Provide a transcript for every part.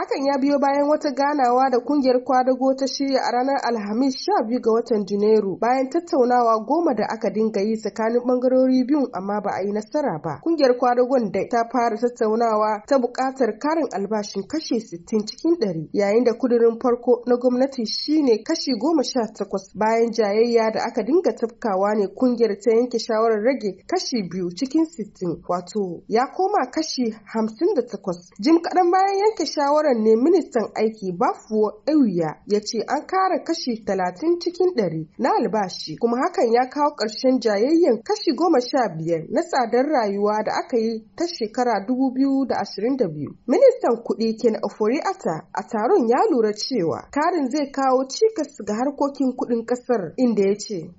Hakan ya biyo bayan wata ganawa da kungiyar kwadago ta shirya a ranar Alhamis sha biyu ga watan Janairu bayan tattaunawa goma da aka dinga yi tsakanin bangarori biyun amma ba a yi nasara ba. Kungiyar kwadagon da ta fara tattaunawa ta buƙatar karin albashin kashi sittin cikin 100 yayin da kudirin farko na gwamnati shine kashi goma sha 18 bayan jayayya da aka dinga tafkawa ne kungiyar ta yanke shawarar rage kashi biyu cikin sittin. wato ya koma kashi hamsin 58 jim kaɗan bayan yanke shawarar wannan ne ministan aiki bafuwo ewuya ya ce an kara kashi talatin cikin ɗari na albashi kuma hakan ya kawo ƙarshen jayayyen kashi goma sha biyar na tsadar rayuwa da aka yi ta shekara dubu biyu Ministan kuɗi Ken oforiata a taron ya lura cewa karin zai kawo cikas ga harkokin kuɗin ƙasar inda ya ce.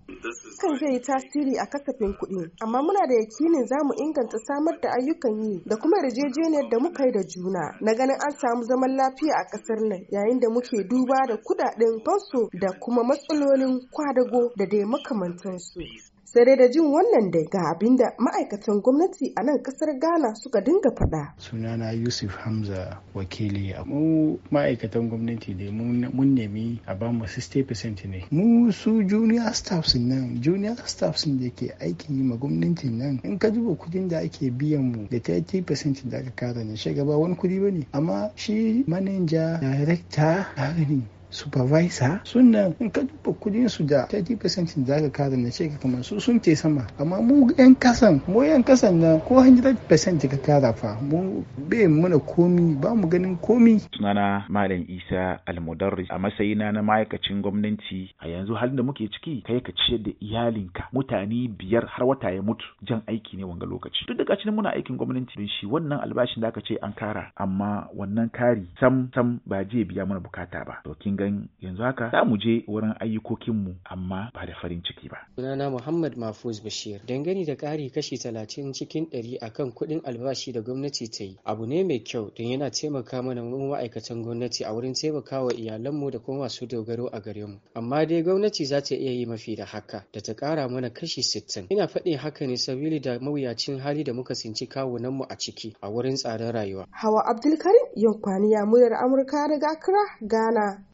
kan zai yi tasiri a kasafin kuɗi amma muna da yakinin za mu inganta samar da ayyukan yi da kuma yarjejeniyar da muka yi da juna na ganin an samu zama zaman lafiya a ƙasar nan yayin da muke duba da kudaden fansu da kuma matsalolin kwadago da dai makamantansu. sai dai da jin wannan dai ga abin da ma'aikatan gwamnati a nan kasar ghana suka dinga faɗa. sunana yusuf hamza wakili a mu ma'aikatan gwamnati da mun nemi a ba mu 60% ne mu su junior staffs nan junior staffs da ke aiki ma gwamnati nan in ka duba kudin da ake biyan mu da 30% da aka kara ne gaba wani kudi ba ne amma shi manager director haka supervisor sunan in ka duba kudin su da 30% da aka kada na ce kamar su sun ce sama amma mu yan kasan mu yan kasan na ko 100% ka kara fa mu be muna komi ba mu ganin komi sunana malam isa almudarris a matsayina na ma'aikacin gwamnati a yanzu halin da muke ciki kai ka ciyar da iyalinka mutane biyar har wata ya mutu jan aiki ne wanga lokaci duk da gaci muna aikin gwamnati don shi wannan albashin da aka ce an kara amma wannan kari sam sam ba je biya mana bukata ba to kin gan yanzu haka za mu je wurin mu. amma ba da farin ciki ba. Sunana Muhammad Mahfuz Bashir dangane da ƙari kashi talatin cikin ɗari akan kuɗin albashi da gwamnati ta yi abu ne mai kyau don yana taimaka mana mu ma'aikatan gwamnati a wurin taimakawa iyalanmu da kuma masu dogaro a gare mu amma dai gwamnati za ta iya yi mafi da haka da ta ƙara mana kashi sittin ina faɗin haka ne sabili da mawuyacin hali da muka sinci kawunanmu a ciki a wurin tsadar rayuwa. Hawa Abdulkarim Yankwaniya muryar Amurka daga Accra, Ghana.